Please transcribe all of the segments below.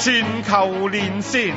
全球連線。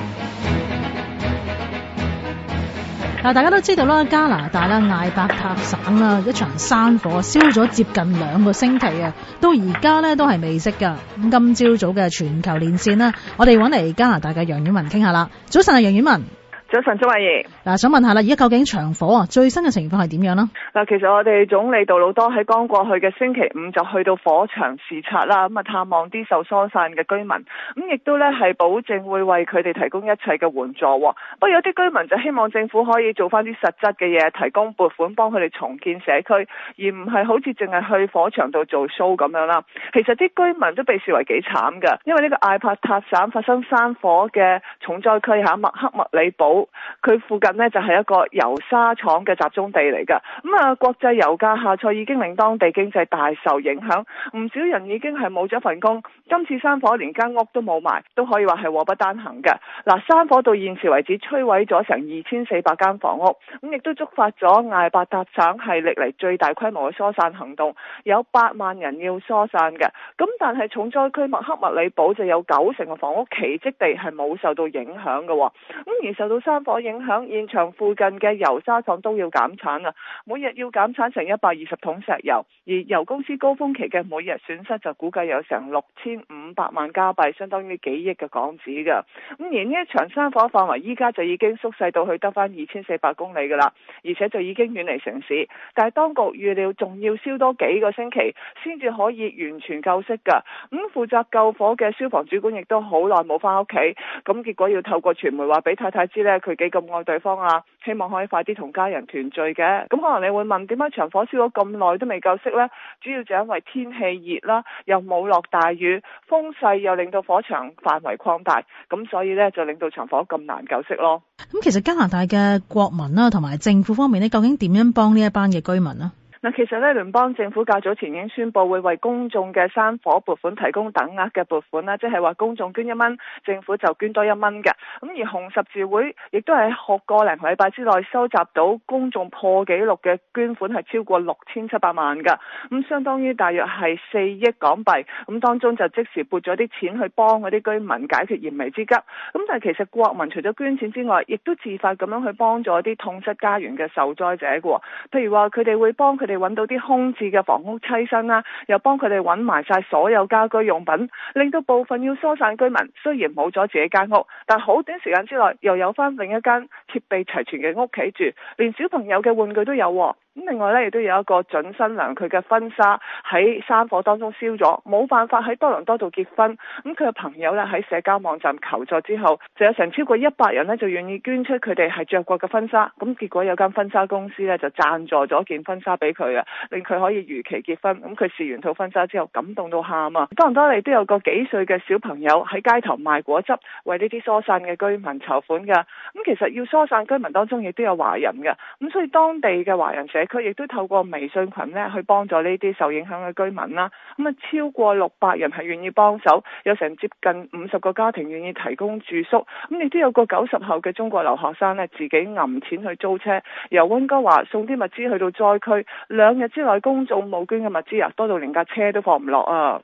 嗱、啊，大家都知道啦，加拿大啦，艾伯塔省啦，一場山火燒咗接近兩個星期啊，到而家咧都係未熄噶。咁今朝早嘅全球連線啦，我哋搵嚟加拿大嘅楊婉文傾下啦。早晨啊，楊婉文。早晨，鍾慧儀。想問一下啦，而家究竟場火啊最新嘅情況係點樣咧？嗱，其實我哋總理杜魯多喺剛過去嘅星期五就去到火場視察啦，咁啊探望啲受疏散嘅居民，咁亦都呢係保證會為佢哋提供一切嘅援助。不過有啲居民就希望政府可以做翻啲實質嘅嘢，提供撥款幫佢哋重建社區，而唔係好似淨係去火場度做 show 咁樣啦。其實啲居民都被視為幾慘嘅，因為呢個艾伯塔省發生山火嘅重災區吓麥克默里堡。佢附近呢就係、是、一個油砂廠嘅集中地嚟噶，咁、嗯、啊國際油價下挫已經令當地經濟大受影響，唔少人已經係冇咗份工。今次山火連間屋都冇埋，都可以話係禍不單行嘅。嗱、啊，山火到現時為止摧毀咗成二千四百間房屋，咁、嗯、亦都觸發咗艾伯塔省係歷嚟最大規模嘅疏散行動，有八萬人要疏散嘅。咁、嗯、但係重災區麥克默里堡就有九成嘅房屋奇蹟地係冇受到影響嘅、哦，咁、嗯、而受到山火影響，現場附近嘅油砂廠都要減產啊，每日要減產成一百二十桶石油，而油公司高峰期嘅每日損失就估計有成六千五百萬加幣，相當於幾億嘅港紙㗎。咁而呢場山火範圍依家就已經縮細到去得翻二千四百公里㗎啦，而且就已經遠離城市。但係當局預料仲要燒多幾個星期先至可以完全救熄㗎。咁負責救火嘅消防主管亦都好耐冇翻屋企，咁結果要透過傳媒話俾太太知呢。佢幾咁愛對方啊，希望可以快啲同家人團聚嘅。咁可能你會問，點解場火燒咗咁耐都未救熄呢？主要就因為天氣熱啦，又冇落大雨，風勢又令到火場範圍擴大，咁所以呢就令到場火咁難救熄咯。咁其實加拿大嘅國民啦，同埋政府方面呢，究竟點樣幫呢一班嘅居民呢？嗱，其實咧，聯邦政府較早前已經宣布會為公眾嘅山火撥款，提供等額嘅撥款啦，即係話公眾捐一蚊，政府就捐多一蚊嘅。咁而紅十字會亦都係喺學個零禮拜之內收集到公眾破紀錄嘅捐款，係超過六千七百萬嘅，咁相當於大約係四億港幣。咁當中就即時撥咗啲錢去幫嗰啲居民解決燃眉之急。咁但係其實國民除咗捐錢之外，亦都自發咁樣去幫助啲痛失家園嘅受災者嘅喎。譬如話佢哋會幫佢哋。揾到啲空置嘅房屋棲身啦，又幫佢哋揾埋晒所有家居用品，令到部分要疏散居民，雖然冇咗自己間屋，但好短時間之內又有翻另一間，設備齊全嘅屋企住，連小朋友嘅玩具都有啊。咁另外呢，亦都有一個準新娘，佢嘅婚紗喺山火當中燒咗，冇辦法喺多倫多度結婚。咁佢嘅朋友呢，喺社交網站求助之後，就有成超過一百人呢，就願意捐出佢哋係着過嘅婚紗。咁、嗯、結果有間婚紗公司呢，就贊助咗件婚紗俾佢啊，令佢可以如期結婚。咁佢試完套婚紗之後，感動到喊啊！多倫多利都有個幾歲嘅小朋友喺街頭賣果汁，為呢啲疏散嘅居民籌款噶。咁、嗯、其實要部分居民當中亦都有華人嘅，咁所以當地嘅華人社區亦都透過微信群呢去幫助呢啲受影響嘅居民啦。咁啊，超過六百人係願意幫手，有成接近五十個家庭願意提供住宿。咁亦都有個九十後嘅中國留學生呢，自己揞錢去租車，由溫哥華送啲物資去到災區。兩日之內，公眾募捐嘅物資啊，多到連架車都放唔落啊！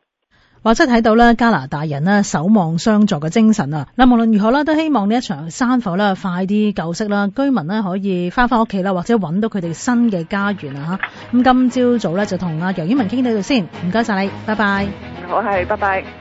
或者睇到咧，加拿大人咧守望相助嘅精神啊！嗱，無論如何啦，都希望呢一場山火咧快啲救熄啦，居民咧可以翻翻屋企啦，或者搵到佢哋新嘅家園啊！吓咁，今朝早咧就同阿楊婉文傾到度先，唔該晒你，拜拜。我係，拜拜。